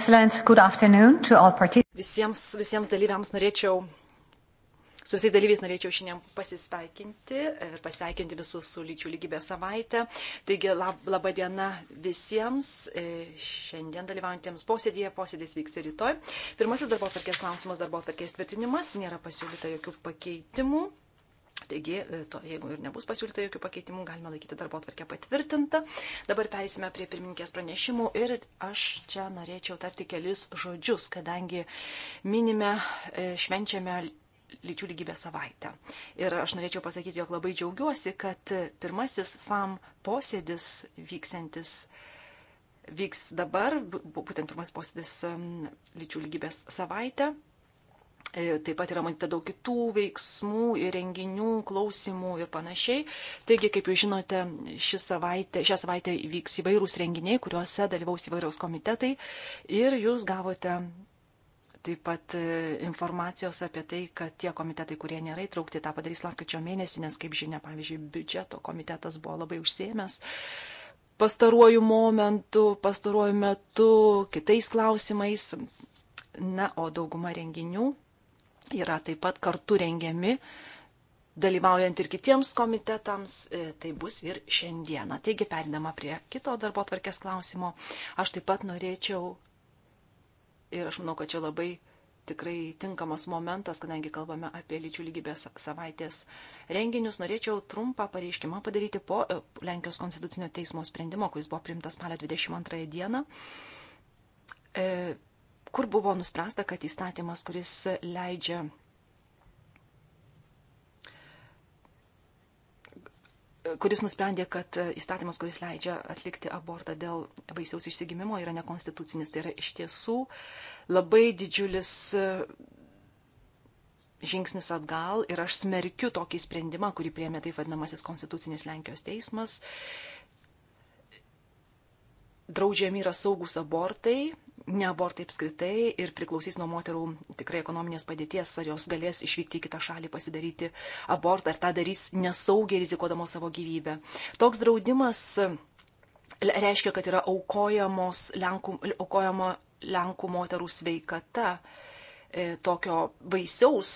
Visiems, visiems dalyviams norėčiau, su visais dalyviais norėčiau šiandien pasisveikinti ir pasveikinti visus su lyčių lygybės savaitė. Taigi lab, laba diena visiems e, šiandien dalyvaujantiems posėdėje. Posėdės vyks ir rytoj. Pirmasis darbo atvarkės klausimas - darbo atvarkės tvirtinimas. Nėra pasiūlyta jokių pakeitimų. Taigi, e, to, jeigu ir nebus pasiūlyta jokių pakeitimų, galime laikyti darbo atvarkę patvirtintą. Dabar perėsime prie pirmininkės pranešimų ir aš čia norėčiau tarti kelis žodžius, kadangi minime, e, švenčiame lyčių lygybės savaitę. Ir aš norėčiau pasakyti, jog labai džiaugiuosi, kad pirmasis FAM posėdis vyksiantis vyks dabar, būtent pirmas posėdis lyčių lygybės savaitę E, taip pat yra matyta daug kitų veiksmų, renginių, klausimų ir panašiai. Taigi, kaip jūs žinote, savaitė, šią savaitę vyks įvairūs renginiai, kuriuose dalyvaus įvairiaus komitetai. Ir jūs gavote taip pat e, informacijos apie tai, kad tie komitetai, kurie nėra įtraukti, tą padarys lapkričio mėnesį, nes, kaip žinia, pavyzdžiui, biudžeto komitetas buvo labai užsiemęs pastaruoju momentu, pastaruoju metu, kitais klausimais. Na, o dauguma renginių yra taip pat kartu rengiami, dalyvaujant ir kitiems komitetams, e, tai bus ir šiandieną. Taigi, perindama prie kito darbo tvarkės klausimo, aš taip pat norėčiau ir aš manau, kad čia labai tikrai tinkamas momentas, kadangi kalbame apie lyčių lygybės savaitės renginius, norėčiau trumpą pareiškimą padaryti po e, Lenkijos konstitucinio teismo sprendimo, kuris buvo priimtas spalio 22 dieną. E, kur buvo nuspręsta, kad įstatymas, kuris leidžia kuris nusprendė, kad įstatymas, kuris leidžia atlikti abortą dėl vaisiaus išsigimimo, yra nekonstitucinis. Tai yra iš tiesų labai didžiulis žingsnis atgal ir aš smerkiu tokį sprendimą, kurį priemė taip vadinamasis konstitucinis Lenkijos teismas. Draudžiami yra saugus abortai, ne abortai apskritai ir priklausys nuo moterų tikrai ekonominės padėties, ar jos galės išvykti į kitą šalį pasidaryti abortą, ar tą darys nesaugiai rizikuodamos savo gyvybę. Toks draudimas reiškia, kad yra aukojamos Lenkų, aukojama Lenkų moterų sveikata e, tokio baisiaus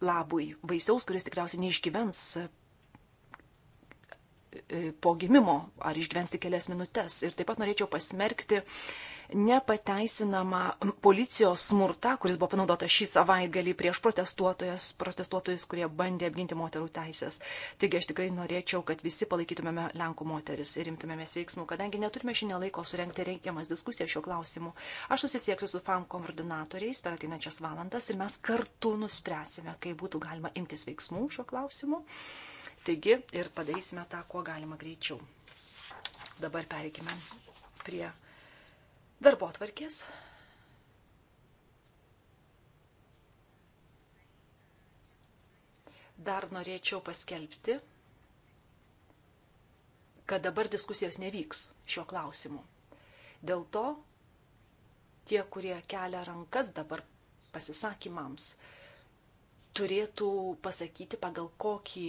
labui, baisiaus, kuris tikriausiai neišgyvens E, po gimimo, ar išgyvens tik kelias minutės. Ir taip pat norėčiau pasmerkti nepateisinamą policijos smurtą, kuris buvo panaudotas šį savaitgalį prieš protestuotojas, protestuotojus, kurie bandė apginti moterų teisės. Taigi aš tikrai norėčiau, kad visi palaikytumėme Lenkų moteris ir imtumėmės veiksmų, kadangi neturime šiandien laiko surenkti reikiamas diskusijas šiuo klausimu. Aš susisieksiu su FAM koordinatoriais per ateinančias valandas ir mes kartu nuspręsime, kaip būtų galima imtis veiksmų šiuo klausimu. Thank you Taigi ir padarysime tą, kuo galima greičiau. Dabar pereikime prie darbo atvarkės. Dar norėčiau paskelbti, kad dabar diskusijos nevyks šiuo klausimu. Dėl to tie, kurie kelia rankas dabar pasisakymams, turėtų pasakyti, pagal kokį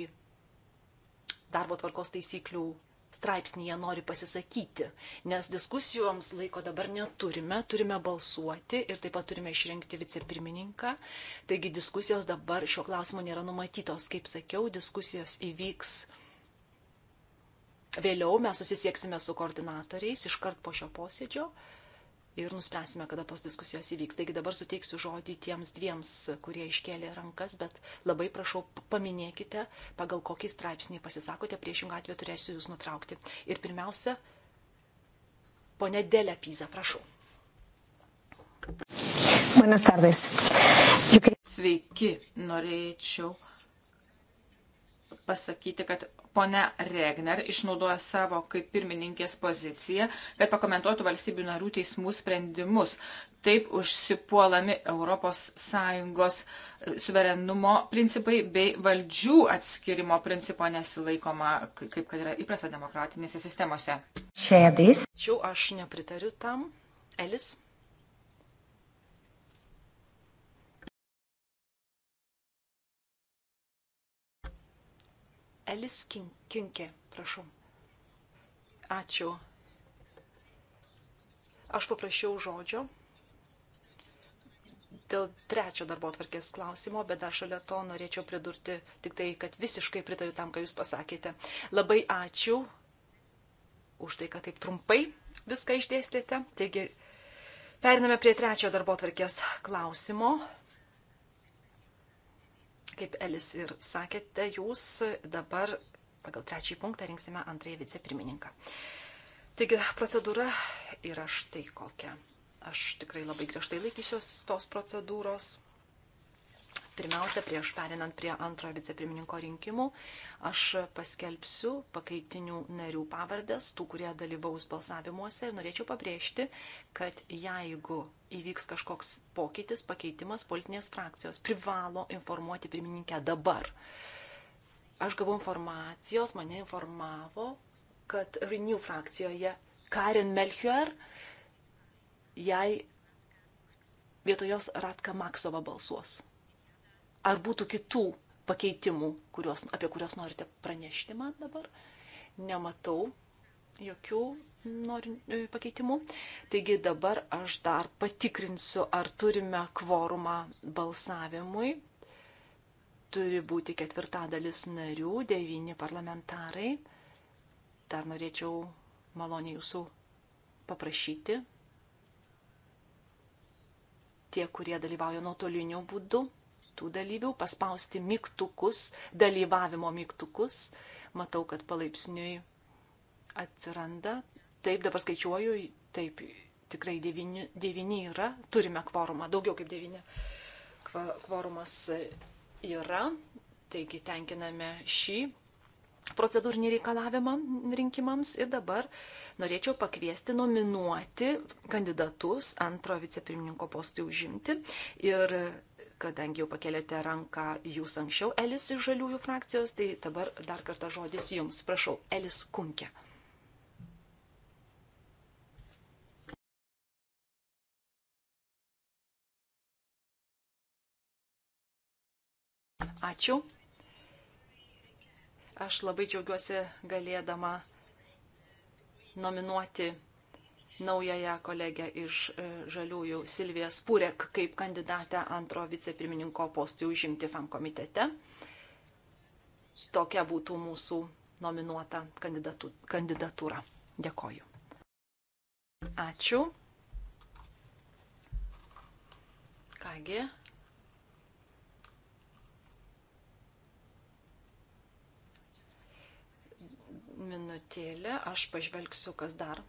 darbo tvarkos taisyklių straipsnėje nori pasisakyti, nes diskusijoms laiko dabar neturime, turime balsuoti ir taip pat turime išrinkti vicepirmininką. Taigi diskusijos dabar šio klausimo nėra numatytos. Kaip sakiau, diskusijos įvyks vėliau, mes susisieksime su koordinatoriais iškart po šio posėdžio ir nuspręsime, kada tos diskusijos įvyks. Taigi dabar suteiksiu žodį tiems dviems, kurie iškėlė rankas, bet labai prašau paminėkite, pagal kokį straipsnį pasisakote, priešingą atveju turėsiu jūs nutraukti. Ir pirmiausia, ponė Dėlė Pyza, prašau. Buenas tardes. Sveiki, norėčiau pasakyti, kad ponia Regner išnaudoja savo kaip pirmininkės poziciją, kad pakomentuotų valstybių narių teismų sprendimus. Taip užsipuolami ES e, suverenumo principai bei valdžių atskirimo principo nesilaikoma, kaip kad yra įprasta demokratinėse sistemose. Šiaip aš nepritariu tam. Elis. Elis Kinkė, prašau. Ačiū. Aš paprašiau žodžio dėl trečio darbo atvarkės klausimo, bet dar šalia to norėčiau pridurti tik tai, kad visiškai pritariu tam, ką Jūs pasakėte. Labai ačiū už tai, kad taip trumpai viską išdėstėte. Taigi, periname prie trečio darbo atvarkės klausimo kaip Elis ir sakėte, jūs dabar pagal trečiąjį punktą rinksime antrąjį vicepirmininką. Taigi procedūra yra štai kokia. Aš tikrai labai griežtai laikysiuos tos procedūros. Pirmiausia, prieš perinant prie antrojo vicepirmininko rinkimų, aš paskelbsiu pakaitinių narių pavardas, tų, kurie dalyvaus balsavimuose ir norėčiau pabrėžti, kad jeigu įvyks kažkoks pokytis, pakeitimas, politinės frakcijos privalo informuoti pirmininkę dabar. Aš gavau informacijos, mane informavo, kad Renew frakcijoje Karen Melchior, jai vietoj jos Ratka Maksova balsuos. Ar būtų kitų pakeitimų, kurios, apie kuriuos norite pranešti man dabar? Nematau jokių nori, e, pakeitimų. Taigi dabar aš dar patikrinsiu, ar turime kvorumą balsavimui. Turi būti ketvirtadalis narių, devyni parlamentarai. Dar norėčiau maloniai jūsų paprašyti. Tie, kurie dalyvauja nuotoliniu būdu, kitų dalyvių, paspausti mygtukus, dalyvavimo mygtukus. Matau, kad palaipsniui atsiranda. Taip, dabar skaičiuoju, taip, tikrai devyni, devyni yra, turime kvorumą, daugiau kaip devyni kvorumas yra, taigi tenkiname šį procedūrinį reikalavimą rinkimams ir dabar norėčiau pakviesti nominuoti kandidatus antro vicepirmininko postui užimti ir kadangi jau pakelėte ranką jūs anksčiau, Elis iš žaliųjų frakcijos, tai dabar dar kartą žodis jums. Prašau, Elis Kunkė. Ačiū. Aš labai džiaugiuosi galėdama nominuoti naująją kolegę iš e, Žaliųjų Silviją Spurek kaip kandidatę antro vicepirmininko postui užimti FAM komitete. Tokia būtų mūsų nominuota kandidatu, kandidatūra. Dėkoju. Ačiū. Kągi. Minutėlė, aš pažvelgsiu, kas dar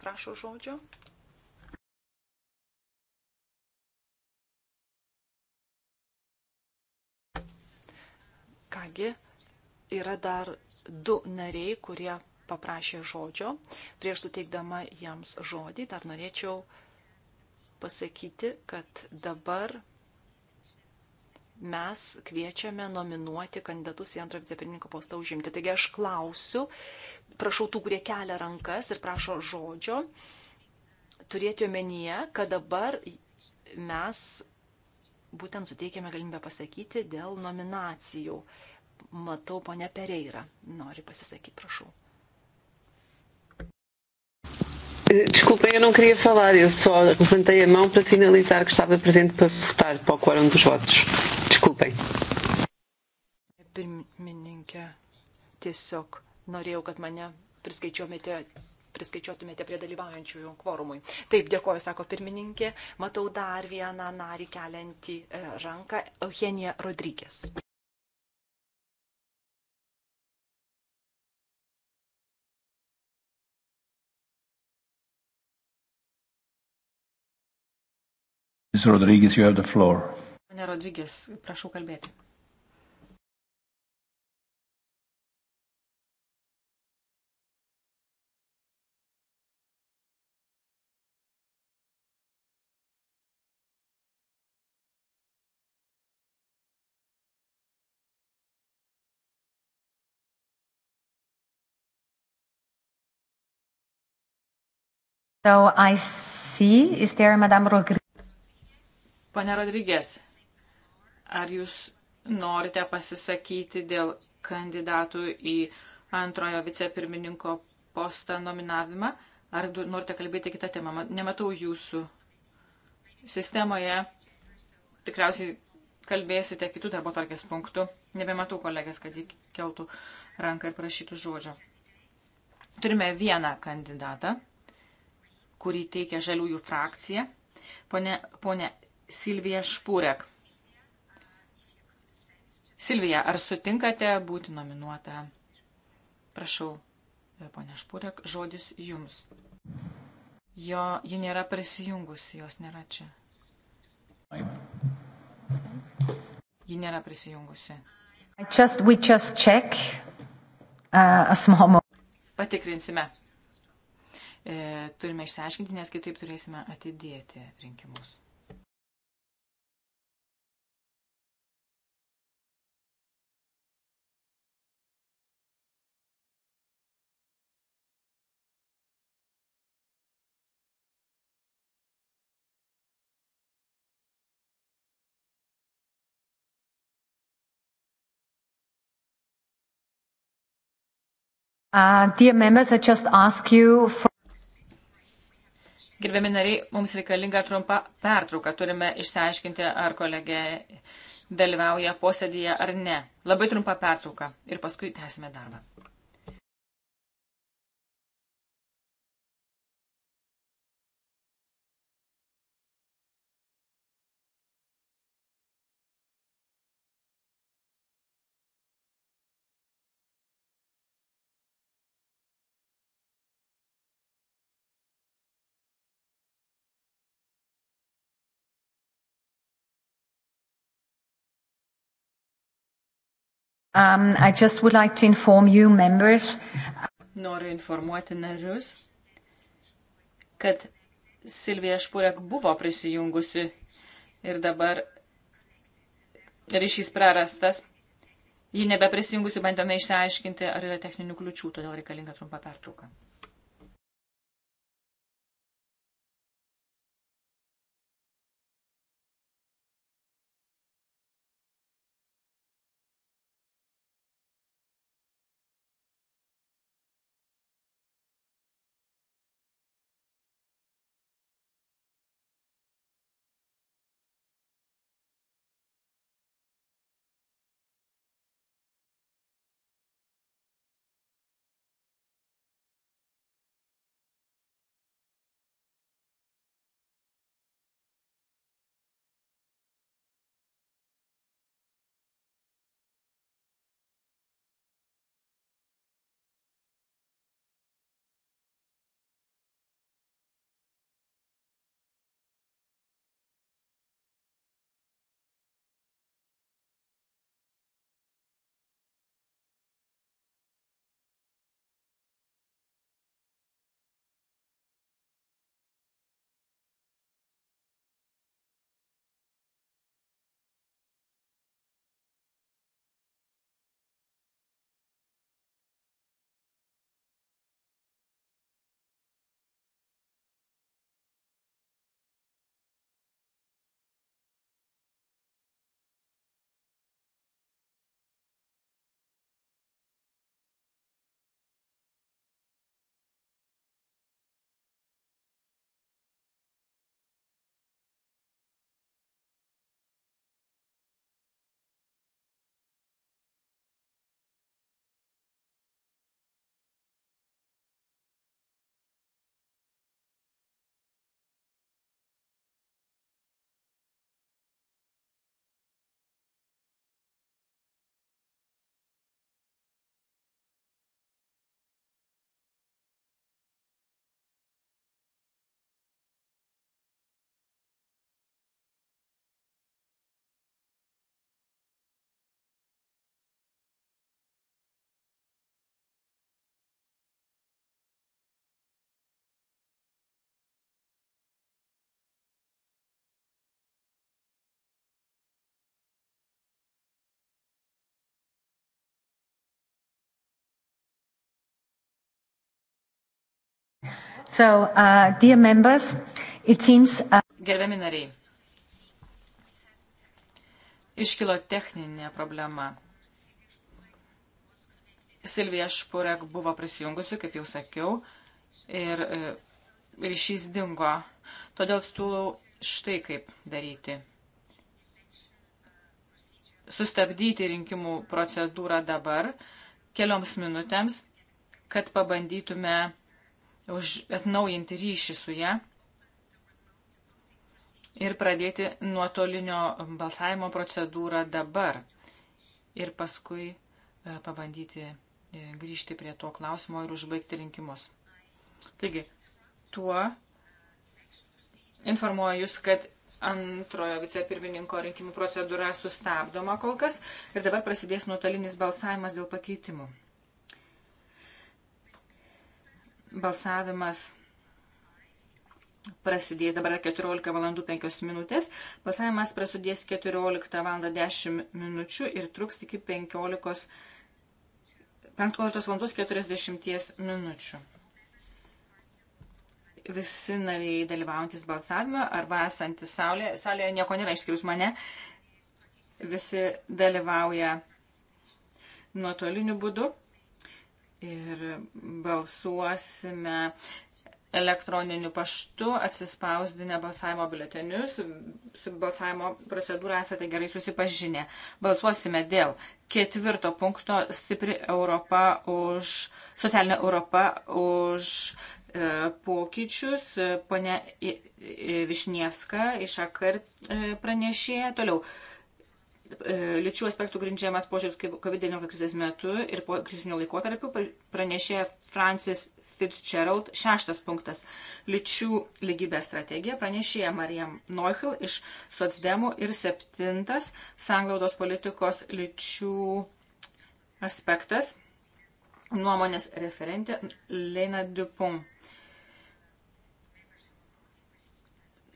prašo žodžio. Kągi, yra dar du nariai, kurie paprašė žodžio. Prieš suteikdama jiems žodį, dar norėčiau pasakyti, kad dabar mes kviečiame nominuoti kandidatus į antrą vicepirmininko postą užimti. Taigi aš klausiu, prašau tų, kurie kelia rankas ir prašo žodžio, turėti omenyje, kad dabar mes būtent suteikėme galimybę pasakyti dėl nominacijų. Matau, ponia Pereira nori pasisakyti, prašau. Desculpa, eu não queria falar, eu só levantei a mão para sinalizar que estava presente para votar para o quórum dos votos. Desculpem. Pirmininkė, tiesiog norėjau, kad mane priskaičiuomėte priskaičiuotumėte prie dalyvaujančiųjų kvorumui. Taip, dėkoju, sako pirmininkė. Matau dar vieną narį keliantį e, ranką - Eugenija Rodrygės. Rodrygės, you have the floor. Pane Rodrygės, prašau kalbėti. So I see, is there Madame Rodriguez? Pane Rodriguez, ar jūs norite pasisakyti dėl kandidatų į antrojo vicepirmininko postą nominavimą, ar norite kalbėti kitą temą? Nematau jūsų sistemoje. Tikriausiai kalbėsite kitų darbo tarkės punktų. Nebematau kolegės, kad jį keltų ranką ir prašytų žodžio. Turime vieną kandidatą kurį teikia žaliųjų frakcija. Pone, pone Silvija Špūrek. Silvija, ar sutinkate būti nominuota? Prašau, ponė Špūrek, žodis jums. Jo, ji nėra prisijungusi, jos nėra čia. Ji nėra prisijungusi. I just, just check, uh, Patikrinsime e, turime išsiaiškinti, nes kitaip turėsime atidėti rinkimus. Uh, dear members, I just ask you for Gerbiami nariai, mums reikalinga trumpa pertrauka. Turime išsiaiškinti, ar kolegė dalyvauja posėdėje ar ne. Labai trumpa pertrauka ir paskui tęsime darbą. Um, I just would like to inform you, members. Noriu informuoti narius, kad Silvija Špurek buvo prisijungusi ir dabar ryšys prarastas. Ji nebeprisijungusi bandome išsiaiškinti, ar yra techninių kliučių, todėl reikalinga trumpa pertrauka. So, uh, dear members, it seems. Uh... Gerbiami nariai, iškilo techninė problema. Silvija Špurek buvo prisijungusi, kaip jau sakiau, ir e, ryšys dingo. Todėl stūlau štai kaip daryti. Sustabdyti rinkimų procedūrą dabar kelioms minutėms, kad pabandytume už atnaujinti ryšį su ją ir pradėti nuotolinio balsavimo procedūrą dabar. Ir paskui e, pabandyti e, grįžti prie to klausimo ir užbaigti rinkimus. Taigi, tuo informuoju Jūs, kad antrojo vicepirmininko rinkimų procedūra sustabdoma kol kas ir dabar prasidės nuotolinis balsavimas dėl pakeitimų. Balsavimas prasidės dabar 14 val. 5 minutės. Balsavimas prasidės 14 val. 10 minučių ir truks iki 15, 15 val. 40 minučių. Visi nariai dalyvaujantis balsavime arba esantis saulėje, salėje nieko nėra išskyrus mane, visi dalyvauja nuotoliniu būdu ir balsuosime elektroniniu paštu atsispausdinę balsavimo biuletenius. Su balsavimo procedūra esate gerai susipažinę. Balsuosime dėl ketvirto punkto stipri Europa už socialinę Europą už e, pokyčius. Pone Višnievska iš akart e, pranešėja. Toliau. E, E, lyčių aspektų grindžiamas požiūris COVID-19 krizės metu ir po krizinių laikotarpių pranešė Francis Fitzgerald. Šeštas punktas - lyčių lygybės strategija pranešė Marijam Neuchil iš Sotsdemų ir septintas - sanglaudos politikos lyčių aspektas - nuomonės referentė Lena Dupont.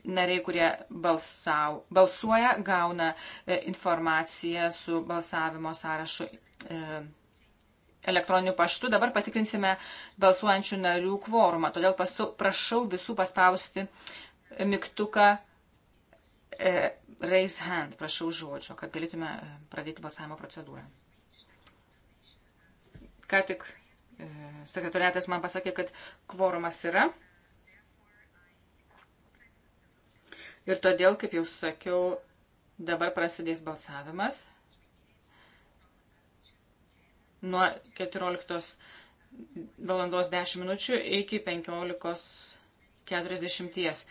nariai, kurie balsau, balsuoja, gauna e, informaciją su balsavimo sąrašu e, elektroniniu paštu. Dabar patikrinsime balsuojančių narių kvorumą. Todėl pasu, prašau visų paspausti mygtuką e, raise hand, prašau žodžio, kad galėtume e, pradėti balsavimo procedūrą. Ką tik e, sekretoriatas man pasakė, kad kvorumas yra. Ir todėl, kaip jau sakiau, dabar prasidės balsavimas. Nuo 14 valandos 10 minučių iki 15.40.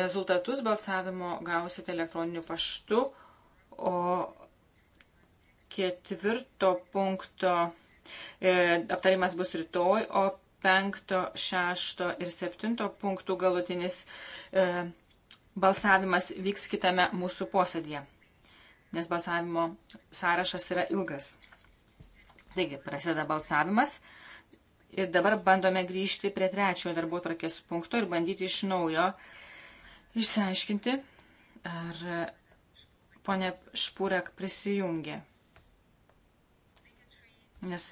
Rezultatus balsavimo gausite elektroniniu paštu, o ketvirto punkto e, aptarimas bus rytoj, o penkto, šešto ir septinto punktų galutinis e, Balsavimas vyks kitame mūsų posėdėje, nes balsavimo sąrašas yra ilgas. Taigi, prasideda balsavimas ir dabar bandome grįžti prie trečiojo darbo trakės punkto ir bandyti iš naujo išsiaiškinti, ar ponė Špūrek prisijungė. Nes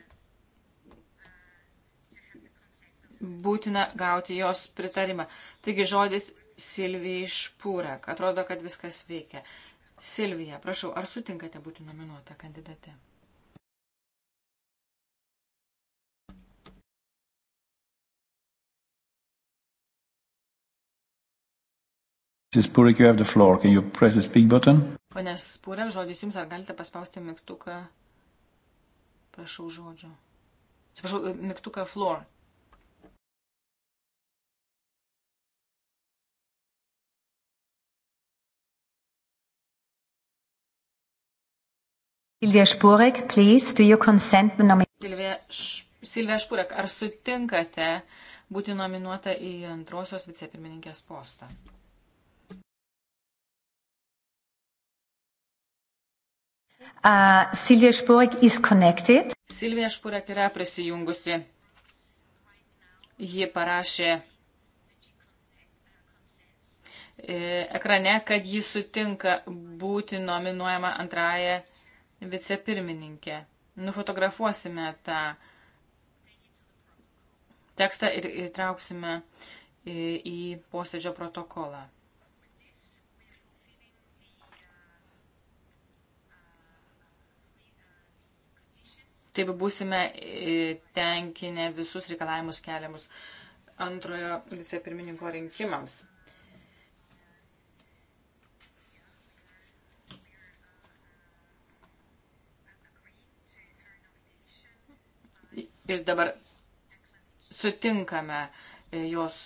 būtina gauti jos pritarimą. Taigi žodis Silvijai Špūrek. Atrodo, kad viskas veikia. Silvija, prašau, ar sutinkate būti nominuota kandidate? Spurek, you have the floor. Can you press the speak button? Pane Spurek, žodis jums, ar galite paspausti mygtuką? Prašau žodžio. Atsiprašau, e, mygtuką floor. Silvija Špurek, please, do you consent to nominate? Silvija, š... Silvija Špurek, ar sutinkate būti nominuota į antrosios vicepirmininkės postą? Uh, Silvija Špurek is connected. Silvija Špurek yra prisijungusi. Ji parašė e, ekrane, kad ji sutinka būti nominuojama antrąją vicepirmininkė. Nufotografuosime tą tekstą ir įtrauksime į posėdžio protokolą. Taip būsime e, tenkinę visus reikalavimus keliamus antrojo vicepirmininko rinkimams. ir dabar sutinkame e, jos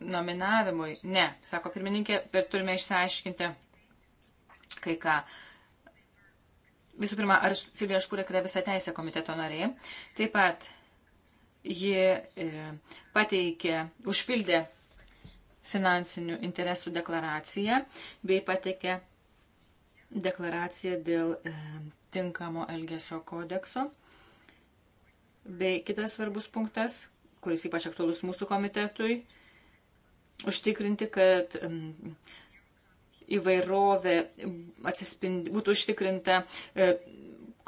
nominavimui. Ne, sako pirmininkė, bet turime išsiaiškinti kai ką. Visų pirma, ar Silvija Škūrė yra visą teisę komiteto narė. Taip pat ji e, pateikė, užpildė finansinių interesų deklaraciją bei pateikė deklaraciją dėl e, tinkamo elgesio kodekso. Bei kitas svarbus punktas, kuris ypač aktualus mūsų komitetui, užtikrinti, kad įvairovė būtų užtikrinta e,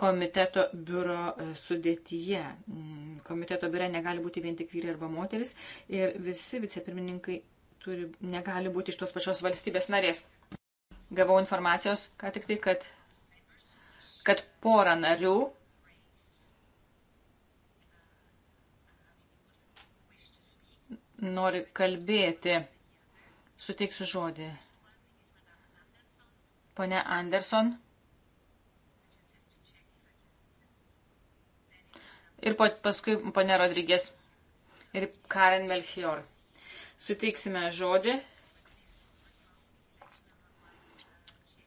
komiteto biuro e, sudėtyje. Mm, komiteto biure negali būti vien tik vyrai arba moteris ir visi vicepirmininkai turi, negali būti iš tos pačios valstybės narės. Gavau informacijos, ką tik tai, kad, kad pora narių nori kalbėti. Suteiksiu žodį. Pone Anderson. Ir paskui pone Rodrygės ir Karen Melchior. Suteiksime žodį.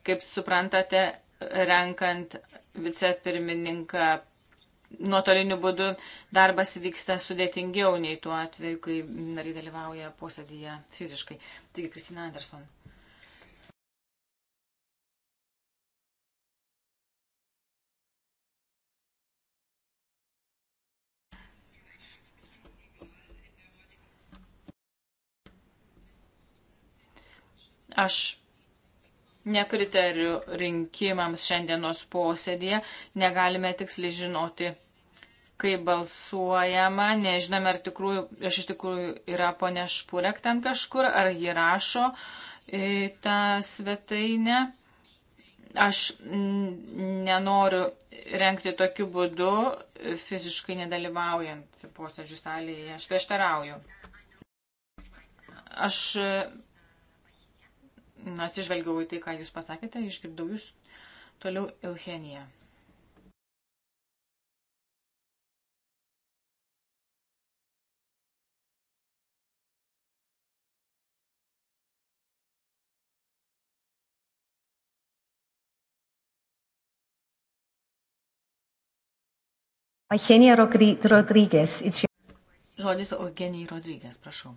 Kaip suprantate, renkant vicepirmininką nuotoliniu būdu darbas vyksta sudėtingiau nei tuo atveju, kai nariai dalyvauja posėdėje fiziškai. Taigi, Kristina Anderson. Aš nepritariu rinkimams šiandienos posėdėje, negalime tiksliai žinoti kai balsuojama, nežinome, ar tikrųjų, aš iš tikrųjų yra ponė Špurek ten kažkur, ar ji rašo į e, tą svetainę. Aš nenoriu renkti tokiu būdu, fiziškai nedalyvaujant posėdžių salėje. Aš prieštarauju. Aš atsižvelgiau į tai, ką jūs pasakėte, išgirdau jūs toliau Eugeniją. Eugenija Rodrygės. Žodis Eugenijai Rodrygės, prašau.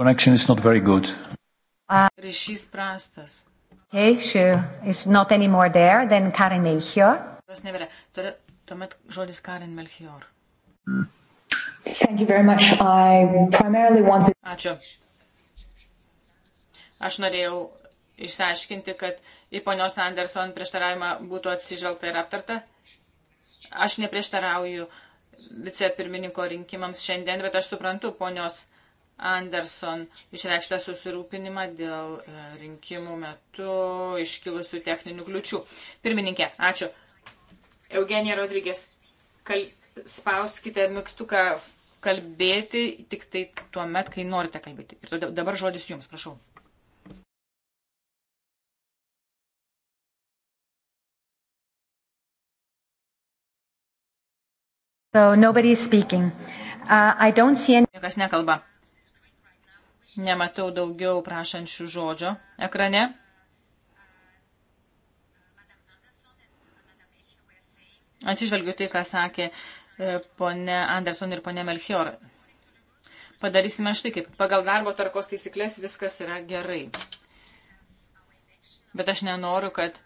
Connection is not very good. Uh, Ryšys prastas. Okay, she is not anymore there, then Karin Melchior. Jos nebėra. Todėl Tuomet žodis Karin Melchior. Wanted... Ačiū. Aš norėjau išsiaiškinti, kad į ponios Anderson prieštaravimą būtų atsižvelgta ir aptarta. Aš neprieštarauju vicepirmininko rinkimams šiandien, bet aš suprantu ponios Anderson išreikštą susirūpinimą dėl e, rinkimų metu iškilusių techninių kliučių. Pirmininkė, ačiū. Eugenija Rodrygės, kal... spauskite mygtuką kalbėti tik tai tuo met, kai norite kalbėti. Ir dabar žodis jums, prašau. So nobody is speaking. Uh, I don't see any... Niekas nekalba. Nematau daugiau prašančių žodžio ekrane. Atsižvelgiu tai, ką sakė e, ponė Anderson ir ponė Melchior. Padarysime štai kaip. Pagal darbo tarkos taisyklės viskas yra gerai. Bet aš nenoriu, kad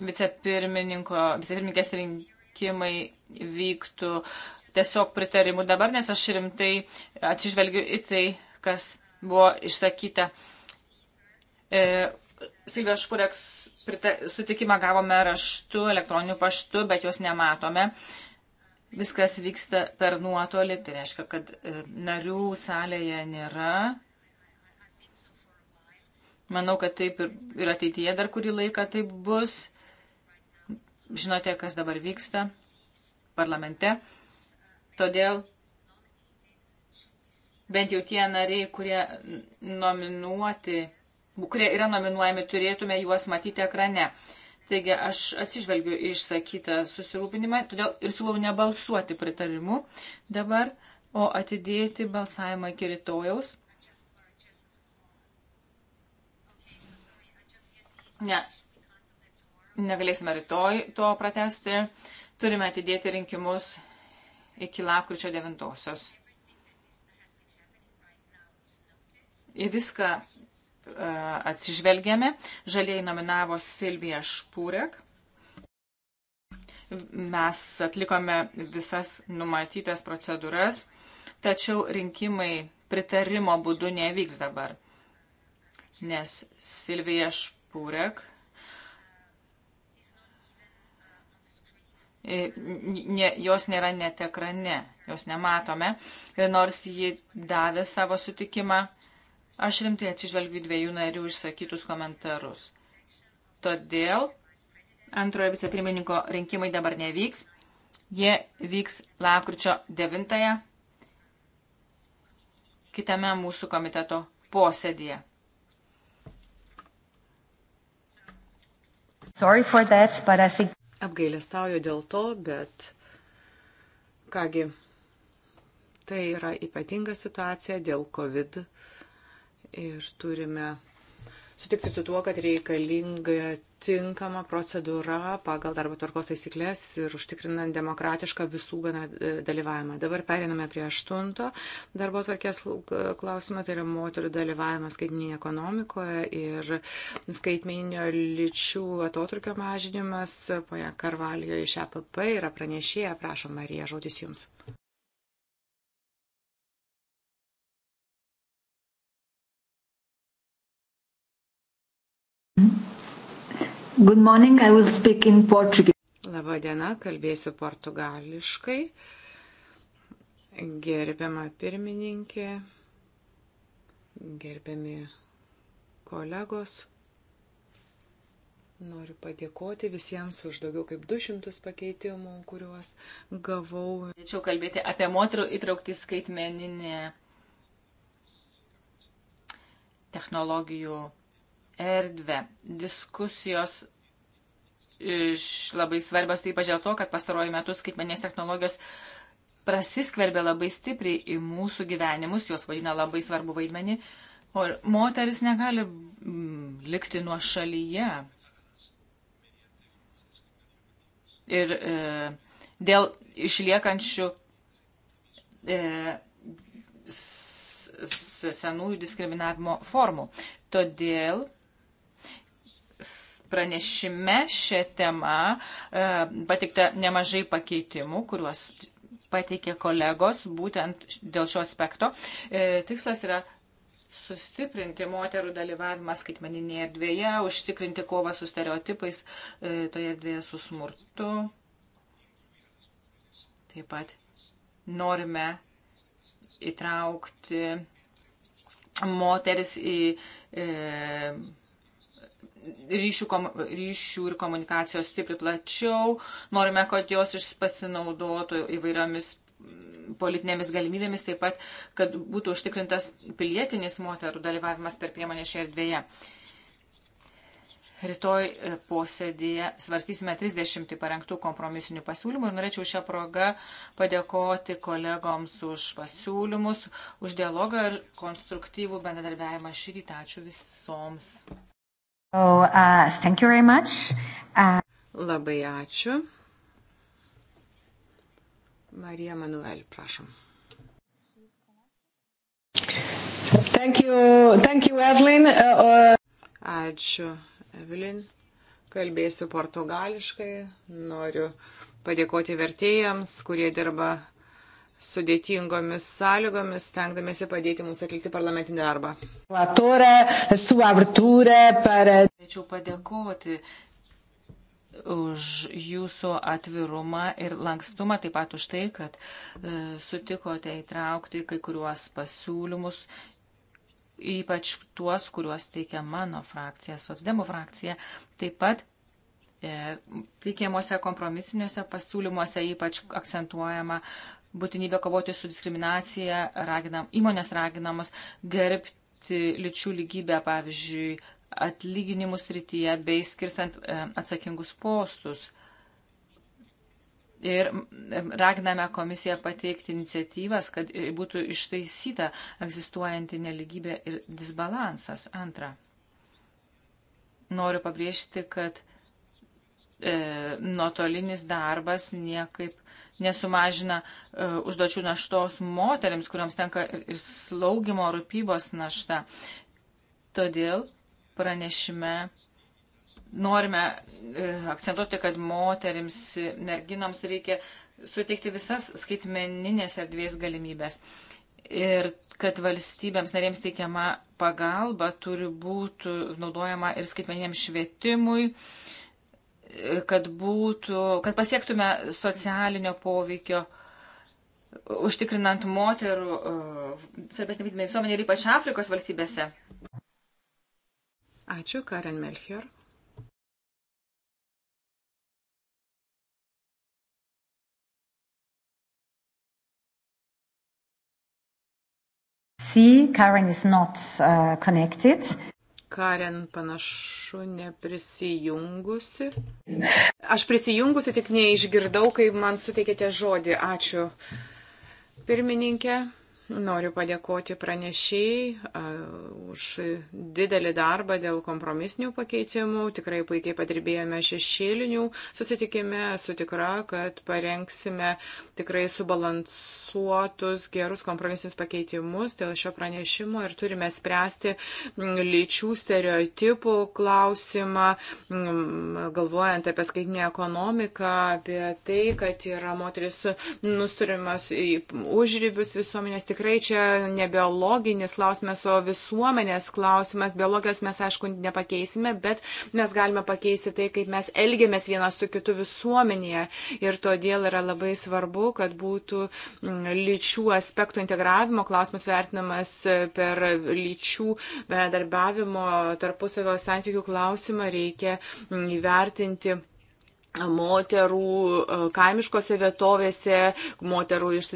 vicepirmininkės rinkimai vyktų tiesiog pritarimų dabar, nes aš rimtai atsižvelgiu į tai, kas buvo išsakyta. E, Silvija Škureks sutikimą gavome raštu, elektroniniu paštu, bet jos nematome. Viskas vyksta per nuotolį, tai reiškia, kad e, narių salėje nėra. Manau, kad taip ir ateityje dar kurį laiką taip bus. Žinote, kas dabar vyksta parlamente. Todėl bent jau tie nariai, kurie nominuoti kurie yra nominuojami, turėtume juos matyti ekrane. Taigi aš atsižvelgiu išsakytą susirūpinimą todėl ir siūlau nebalsuoti pritarimu dabar, o atidėti balsavimą iki rytojaus. Ne, negalėsime rytoj to pratesti. Turime atidėti rinkimus iki lapkričio 9. Į viską, E, atsižvelgėme. Žalieji nominavo Silviją Špūrek. Mes atlikome visas numatytas procedūras, tačiau rinkimai pritarimo būdu nevyks dabar, nes Silvija Špūrek e, ne, jos nėra net ekrane, jos nematome, nors ji davė savo sutikimą Aš rimtai atsižvelgiu dviejų narių išsakytus komentarus. Todėl antrojo vicepirmininko rinkimai dabar nevyks. Jie vyks lapkričio 9-ąją kitame mūsų komiteto posėdėje. That, think... Apgailestauju dėl to, bet kągi, tai yra ypatinga situacija dėl COVID-19 ir turime sutikti su tuo, kad reikalinga tinkama procedūra pagal darbo tvarkos taisyklės ir užtikrinant demokratišką visų dalyvavimą. Dabar periname prie aštunto darbo tvarkės klausimo, tai yra moterių dalyvavimas skaitmeninėje ekonomikoje ir skaitmeninio lyčių atotrukio mažinimas. Poje Karvalijoje iš APP yra pranešėja, prašom Marija, žodis jums. Good morning, I will speak in Portuguese. Labą dieną, kalbėsiu portugališkai. Gerbiama pirmininkė, gerbiami kolegos, noriu padėkoti visiems už daugiau kaip 200 pakeitimų, kuriuos gavau. Norėčiau kalbėti apie moterų įtraukti skaitmeninę technologijų erdvę. Diskusijos iš labai svarbios, taip pažiūrėjau to, kad pastaruoju metu skaitmenės technologijos prasiskverbė labai stipriai į mūsų gyvenimus, jos vadina labai svarbu vaidmenį, o moteris negali mm, likti nuo šalyje. Ir e, dėl išliekančių e, senųjų diskriminavimo formų. Todėl pranešime šią temą e, patikta nemažai pakeitimų, kuriuos pateikė kolegos būtent dėl šio aspekto. E, tikslas yra sustiprinti moterų dalyvavimą skaitmeninėje erdvėje, užtikrinti kovą su stereotipais e, toje erdvėje su smurtu. Taip pat norime įtraukti moteris į e, ryšių, kom, ryšių ir komunikacijos stipri plačiau. Norime, kad jos išpasinaudotų įvairiomis mm, politinėmis galimybėmis, taip pat, kad būtų užtikrintas pilietinis moterų dalyvavimas per priemonę šioje erdvėje. Rytoj e, posėdėje svarstysime 30 parengtų kompromisinių pasiūlymų ir norėčiau šią progą padėkoti kolegoms už pasiūlymus, už dialogą ir konstruktyvų bendradarbiavimą šį rytą. Ačiū visoms. Oh, uh, thank you very much. Uh... Labai ačiū. Marija Manuel, prašom. Thank you, thank you, Evelyn. Uh, uh... Ačiū, Evelyn. Kalbėsiu portugališkai. Noriu padėkoti vertėjams, kurie dirba uh, sudėtingomis sąlygomis, stengdamėsi padėti mums atlikti parlamentinį darbą. Norėčiau padėkoti už jūsų atvirumą ir lankstumą, taip pat už tai, kad e, sutikote įtraukti kai kuriuos pasiūlymus, ypač tuos, kuriuos teikia mano frakcija, socdemų frakcija. Taip pat e, teikiamuose kompromisiniuose pasiūlymuose ypač akcentuojama uh, būtinybę kovoti su diskriminacija, raginam, įmonės raginamos gerbti lyčių lygybę, pavyzdžiui, atlyginimų srityje bei skirstant e, atsakingus postus. Ir raginame komisiją pateikti iniciatyvas, kad e, būtų ištaisyta egzistuojanti neligybė ir disbalansas. Antra. Noriu pabrėžti, kad e, nuotolinis darbas niekaip nesumažina e, užduočių naštos moteriams, kuriams tenka ir slaugimo rūpybos našta. Todėl pranešime norime e, akcentuoti, kad moteriams, merginoms reikia suteikti visas skaitmeninės erdvės galimybės. Ir kad valstybėms narėms teikiama pagalba turi būti naudojama ir skaitmeniniam švietimui, e, kad būtų, kad pasiektume socialinio poveikio, užtikrinant moterų e, svarbesnį vaidmenį visuomenėje ir ypač Afrikos valstybėse. Ačiū, Karen Melchior. see Karen is not uh, connected. Karen panašu neprisijungusi. Aš prisijungusi, tik neišgirdau, kai man suteikėte žodį. Ačiū. Pirmininkė. Noriu padėkoti pranešėjai už didelį darbą dėl kompromisinių pakeitimų. Tikrai puikiai padirbėjome šešėlinių susitikime. Esu tikra, kad parengsime tikrai subalansuotus gerus kompromisinius pakeitimus dėl šio pranešimo ir turime spręsti lyčių stereotipų klausimą, galvojant apie skaitinę ekonomiką, apie tai, kad yra moteris nusturimas į užrybius visuomenės. Tikrai tikrai čia ne biologinis klausimas, o visuomenės klausimas. Biologijos mes, aišku, nepakeisime, bet mes galime pakeisti tai, kaip mes elgiamės vienas su kitu visuomenėje. Ir todėl yra labai svarbu, kad būtų mm, lyčių aspektų integravimo klausimas vertinamas e, per lyčių bendarbiavimo tarpusavio santykių klausimą reikia mm, įvertinti moterų e, kaimiškose vietovėse, moterų iš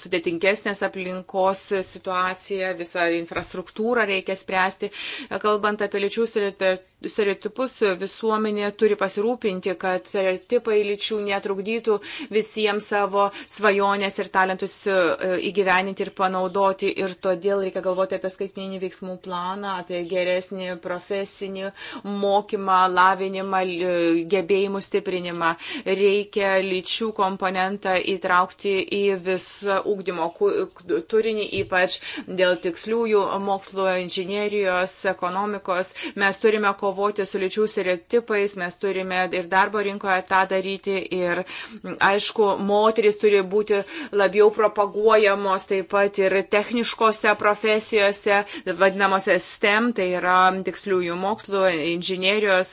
sudėtingesnės aplinkos situaciją, visą infrastruktūrą reikia spręsti. E, kalbant apie lyčių stereotipus visuomenė turi pasirūpinti, kad stereotipai lyčių netrukdytų visiems savo svajonės ir talentus e, įgyveninti ir panaudoti. Ir todėl reikia galvoti apie skaitmeninį veiksmų planą, apie geresnį profesinį mokymą, lavinimą, e, gebėjimų stiprinimą. Reikia lyčių komponentą įtraukti į visą ūkdymo turinį, ypač dėl tiksliųjų mokslo inžinierijos, ekonomikos. Mes turime kovoti kovoti su lyčių stereotipais, mes turime ir darbo rinkoje tą daryti ir, aišku, moteris turi būti labiau propaguojamos taip pat ir techniškose profesijose, vadinamose STEM, tai yra tiksliųjų mokslų, inžinierijos,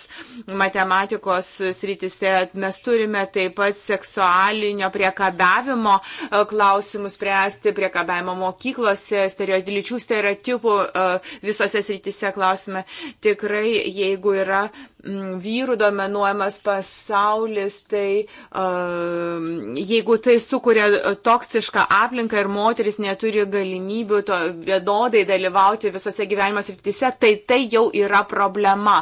matematikos srityse. Mes turime taip pat seksualinio priekabavimo e, klausimus spręsti, priekabavimo mokyklose, stereotipų, lyčių stereotipų e, visose srityse klausime. Tikrai, jei jeigu yra mm, vyrų dominuojamas pasaulis, tai jeigu tai sukuria toksišką aplinką ir moteris neturi galimybių to vienodai dalyvauti visose gyvenimo srityse, tai tai jau yra problema.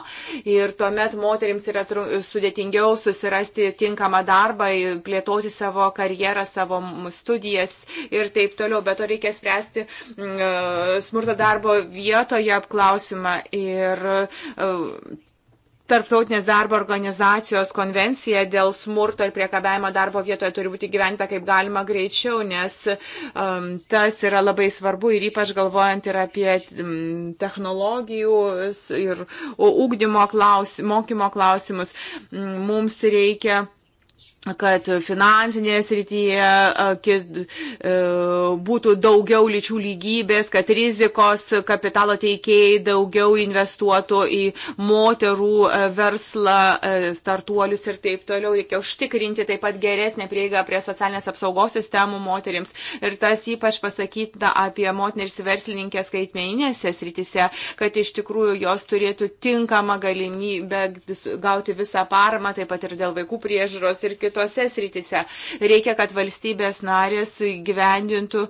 Ir tuomet moteriams yra sudėtingiau susirasti tinkamą darbą, plėtoti savo karjerą, savo studijas ir taip toliau. Bet to reikia spręsti mm, smurto darbo vietoje apklausimą. Ir Tarptautinės darbo organizacijos konvencija dėl smurto ir priekabėjimo darbo vietoje turi būti gyventa kaip galima greičiau, nes um, tas yra labai svarbu ir ypač galvojant ir apie um, technologijų ir ūkdymo klausim, mokymo klausimus, mm, mums reikia kad finansinėje srityje e, būtų daugiau lyčių lygybės, kad rizikos kapitalo teikėjai daugiau investuotų į moterų e, verslą, e, startuolius ir taip toliau. Reikia užtikrinti taip pat geresnę prieigą prie socialinės apsaugos sistemų moterims. Ir tas ypač pasakyta apie moteris verslininkės skaitmeninėse srityse, kad iš tikrųjų jos turėtų tinkamą galimybę gauti visą paramą, taip pat ir dėl vaikų priežiūros ir kitų kitose srityse. Reikia, kad valstybės narės gyvendintų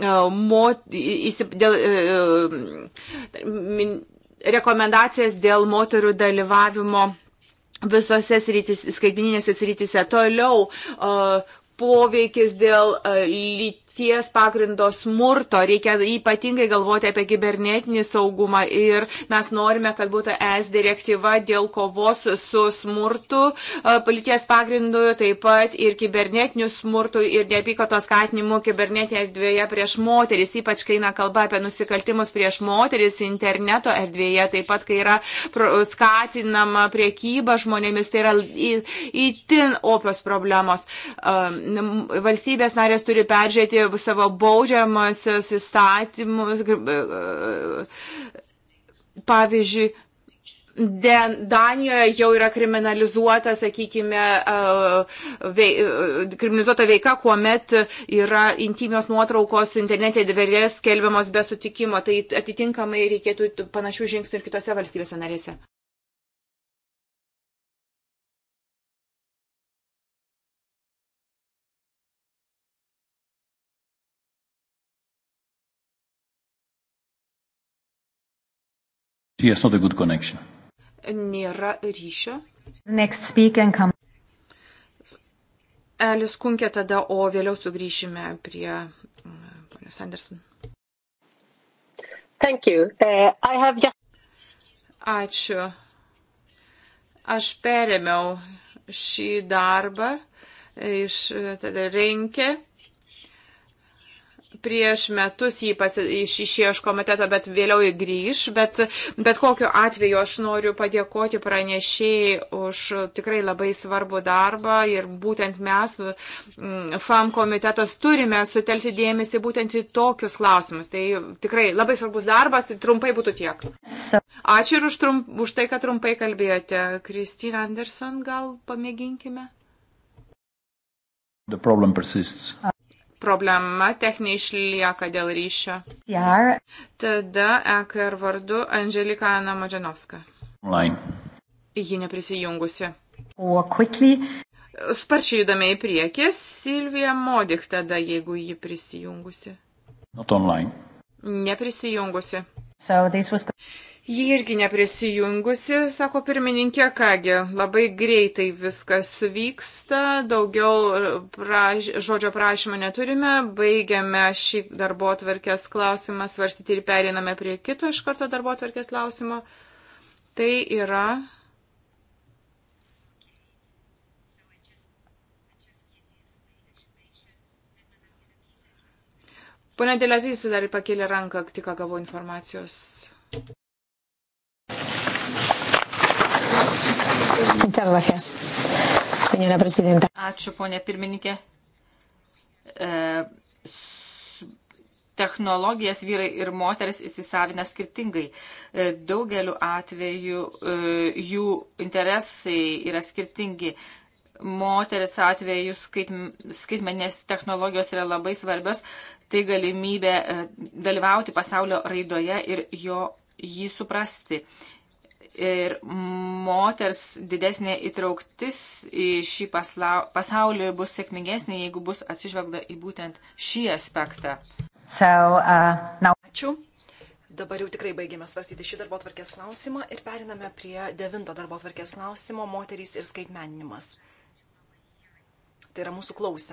e, e, e, rekomendacijas dėl moterų dalyvavimo visose sritis, skaitmininėse srityse. Toliau poveikis dėl lyčių lyties pagrindo smurto, reikia ypatingai galvoti apie kibernetinį saugumą ir mes norime, kad būtų ES direktyva dėl kovos su smurtu, e, lyties pagrindu, taip pat ir kibernetiniu smurtu ir neapykatos skatinimu kibernetinėje erdvėje prieš moteris, ypač kai eina kalba apie nusikaltimus prieš moteris interneto erdvėje, taip pat kai yra skatinama priekyba žmonėmis, tai yra įtin opios problemos. E, valstybės narės turi peržiūrėti savo baudžiamasios įstatymus. E, pavyzdžiui, Danijoje jau yra kriminalizuota, sakykime, e, vei, e, kriminalizuota veika, kuomet yra intimios nuotraukos internete dvėlės skelbiamos be sutikimo. Tai atitinkamai reikėtų panašių žingsnių ir kitose valstybėse narėse. Yes, not a good connection. Nėra ryšio. Next speaker come. Elis Kunkė tada, o vėliau sugrįšime prie mm, ponios Anderson. Thank you. Uh, I have just... Ačiū. Aš perėmiau šį darbą iš tada Renkė prieš metus jį pasi, iš, išėjo iš komiteto, bet vėliau jį grįž. Bet, bet kokiu atveju aš noriu padėkoti pranešėjai už tikrai labai svarbų darbą ir būtent mes, mm, FAM komitetas, turime sutelti dėmesį būtent į tokius klausimus. Tai tikrai labai svarbus darbas, trumpai būtų tiek. Ačiū ir už, trump, už tai, kad trumpai kalbėjote. Kristina Anderson, gal pamėginkime? The problem persists problema techninė išlieka dėl ryšio. Yeah. Tada EKR vardu Angelika Ana Madžianovska. Ji neprisijungusi. Sparčiai judame į priekį. Silvija Modik tada, jeigu ji prisijungusi. Neprisijungusi. So was... Ji irgi neprisijungusi, sako pirmininkė, kągi, labai greitai viskas vyksta, daugiau praž... žodžio prašymų neturime, baigiame šį darbo atverkės klausimą svarstyti ir periname prie kito iš karto darbo atverkės klausimo. Tai yra. Pone Dėlėpys dar pakėlė ranką, tik ką gavau informacijos. Muchas gracias, señora presidenta. Ačiū, ponė pirmininkė. E, technologijas vyrai ir moteris įsisavina skirtingai. E, daugeliu atveju e, jų interesai yra skirtingi. Moteris atveju skaitmenės technologijos yra labai svarbios, tai galimybė e, dalyvauti pasaulio raidoje ir jo jį suprasti ir moters didesnė įtrauktis į šį pasaulį bus sėkmingesnė, jeigu bus atsižvelgta į būtent šį aspektą. So, uh, now... Ačiū. Dabar jau tikrai baigėme svarstyti šį darbo tvarkės klausimą ir periname prie devinto darbo tvarkės klausimo - moterys ir skaitmeninimas. Tai yra mūsų klausimas.